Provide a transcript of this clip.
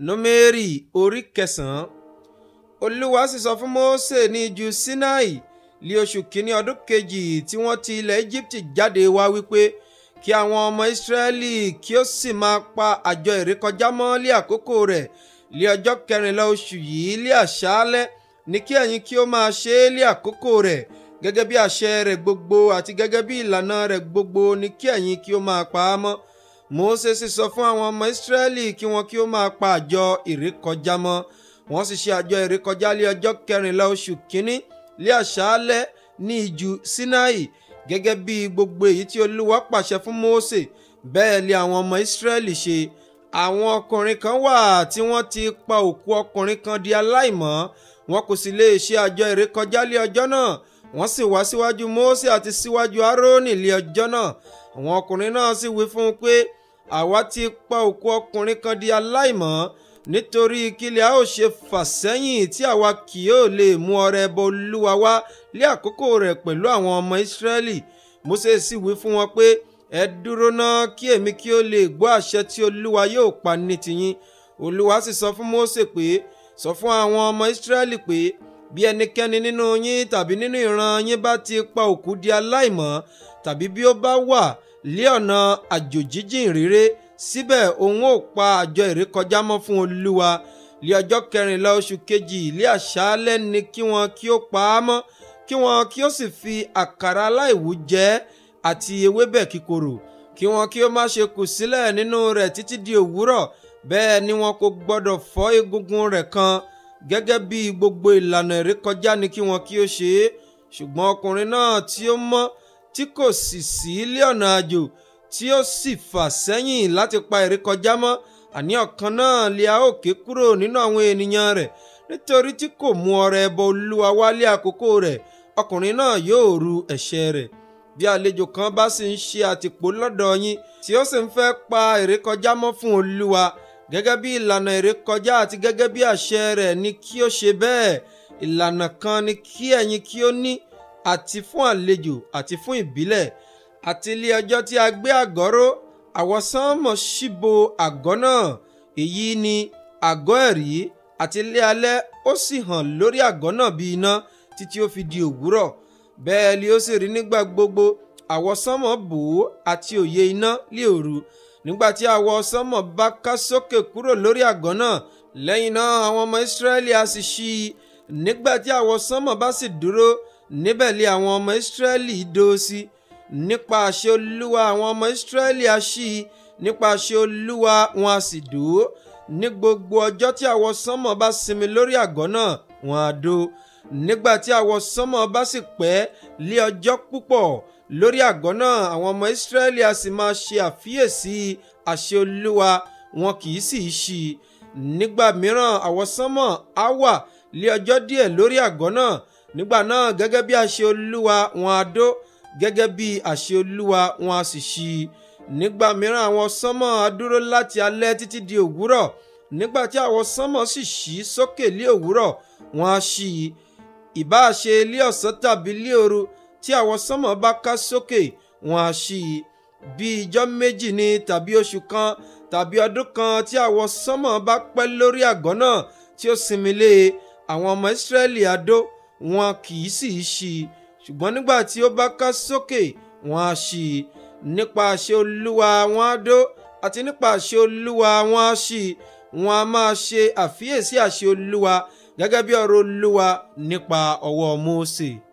númérì orí kẹsàn-án olúwa sì sọ fún mósè ní ijù sinai li oṣù kínní ọdún kejì tí wọ́n ti ilẹ̀ egypt jáde wá wípé kí àwọn ọmọ israẹli kí ó sì máa pa àjọ ìrékọjá mọ́ lé àkókò rẹ̀ lé ọjọ́ kẹrìnlá oṣù yìí lé àṣálẹ́ ní kí ẹ̀yin kí ó máa ṣe é lé àkókò rẹ̀ gẹ́gẹ́ bí àṣẹ rẹ̀ gbogbo àti gẹ́gẹ́ bí ìlànà rẹ̀ gbogbo ní kí ẹ̀yin kí ó máa pa á mọ́ Mose sì sọ fún àwọn ọmọ Ísírẹ́lì kí wọn kí ó máa pa àjọ ìrékọjá mọ́ wọ́n sì ṣe àjọ ìrékọjá lé ọjọ́ kẹrìnlá oṣù kínní lé àṣálẹ́ ní ijù Sinai gẹ́gẹ́ bí gbogbo èyí tí Olúwa pàṣẹ fún Mósè bẹ́ẹ̀ lé àwọn ọmọ Ísírẹ́lì ṣe àwọn ọkùnrin kan wà tí wọ́n ti pa òkú ọkùnrin kan di aláìmọ́ wọn kò sì lè ṣe àjọ ìrékọjá lé ọjọ́ náà wọ́n sì wá síwájú Mósè àti síwájú Árónì lé ọjọ́ náà àwọn ọkùnrin náà sì wí fún un pé àwa ti pa òkú ọkùnrin kan di aláìmọ́ nítorí kílẹ̀ a ó ṣe fà sẹ́yìn tí àwa kì yóò lè mú ọrẹ bọ olúwa wá lé àkókò rẹ̀ pẹ̀lú àwọn ọmọ ìsírẹ́lì Mósè sì wí fún wọn pé ẹ dúró náà kí èmi kí ó lè gbọ́ àṣẹ tí olúwa yóò pa ní tiyín olúwa sì sọ fún Mósè pé sọ fún àwọn ọmọ ìsírẹ́lì pé bí ẹnikẹ́ni nínú yín tàbí nínú ìran yín bá ti pa òkú di aláìmọ́ tàbí bí ó bá wà lé ọ̀nà àjòjíjìn réré síbẹ̀ òun ò pa àjọ ìrékọjá mọ́ fún olúwa lé ọjọ́ kẹrìnlá oṣù kejì ilé àṣálẹ́ ni kí wọn kí ó pa á mọ́ kí wọn kí ó sì fi àkàrà aláìwú jẹ àti ewébẹ̀ kíkorò kí wọn kí ó má ṣe kù sílẹ̀ nínú rẹ̀ títí di òwúrọ̀ bẹ́ẹ̀ ni wọn kò gbọ́dọ̀ fọ́ egungun rẹ̀ kan gẹ́gẹ́ bí gbogbo ìlànà ìrékọjá ni kí wọn kí ó ṣe é ṣùgbọ́n ọkùnrin náà tí ó mọ́ tí kò sì sí ilé ọ̀nà àjò tí ó sì fà sẹ́yìn láti pa ìrékọjá mọ́ àní ọ̀kan náà lé a ó ké kúrò nínú àwọn ènìyàn rẹ̀ nítorí tí kò mú ọrẹ ẹbọ olúwa wálé àkókò rẹ̀ ọkùnrin náà yóò ru ẹ̀ṣẹ̀ rẹ̀ bí àlejò kan bá sì ń ṣe àtìpó lọ́dọ̀ yín tí ó sì ń fẹ́ pa ìrékọjá mọ́ fún olúwa gẹ́gẹ́ bí ìlànà ìrékọjá àti gẹ́gẹ́ bí àṣẹ rẹ̀ ni kí ó ṣe bẹ́ẹ̀ ìlànà kan ni kí ẹ̀yin kí ó ní àti fún àlejò àti fún ìbílẹ̀ àti ilé ọjọ́ tí a gbé àgọ́ró àwọn sánmọ̀ síbo àgọ́ náà èyí ni àgọ́ ẹ̀rí àti ilé alẹ́ ó sì hàn lórí àgọ́ náà bí iná títí ó fi di òwúrọ̀ bẹ́ẹ̀ li ó sì rí nígbà gbogbo àwọ̀ sánmọ̀ bò ó àti òye iná lé òru nígbà tí àwọ̀ bá ká sókè kúrò lórí àgọ́ náà lẹ́yìn náà àwọn ọmọ Ísírẹ́lì á sì ṣí i nígbà tí àwọ̀ bá sì dúró níbẹ̀ lé àwọn ọmọ ìsírẹ́lì dó sí nípa àṣẹ olúwa àwọn ọmọ ìsírẹ́lì á ṣí i nípa àṣẹ olúwa wọn á sì dó ní gbogbo ọjọ́ tí àwọ sánmọ̀ bá sinmi lórí àgọ́ náà wọn á dó nígbà tí àwọ sánmọ̀ bá sì pẹ́ lé ọjọ́ púpọ̀ lórí àgọ́ náà àwọn ọmọ ìsírẹ́lì á sì máa ṣe àfiyèsí àṣẹ olúwa wọn kì í sì í ṣí nígbà mìíràn àwọ sánmọ̀ á wà lé ọjọ́ díẹ̀ lórí àgọ́ náà nígbà náà gẹ́gẹ́ bí àṣẹ olúwa wọn á dó gẹ́gẹ́ bí àṣẹ olúwa wọn á sì ṣí i nígbà mìíràn àwọn sánmọ̀ á dúró láti alẹ́ títí di òwúrọ̀ nígbà tí àwọn sánmọ̀ sì ṣí sókè lé òwúrọ̀ wọn á ṣí i ìbáà ṣe lé ọ̀sán tàbí lé òru tí àwọn sánmọ̀ bá ká sókè wọn á ṣí bí ijọ́ méjì ni tàbí oṣù kan tàbí ọdún kan tí àwọn sánmọ̀ bá pẹ́ lórí àgọ́ náà tí ó sinmi lé àwọn ọmọ Ísírẹ́lì adó wọn kì í sì í ṣí i ṣùgbọ́n nígbà tí ó bá ká sókè wọn á ṣí i nípa àṣẹ olúwa wọn á dó àti nípa àṣẹ olúwa wọn á ṣí i wọn a máa ṣe àfiyèsí àṣẹ olúwa gẹ́gẹ́ bí ọ̀rọ̀ olúwa nípa ọwọ́ Mósè.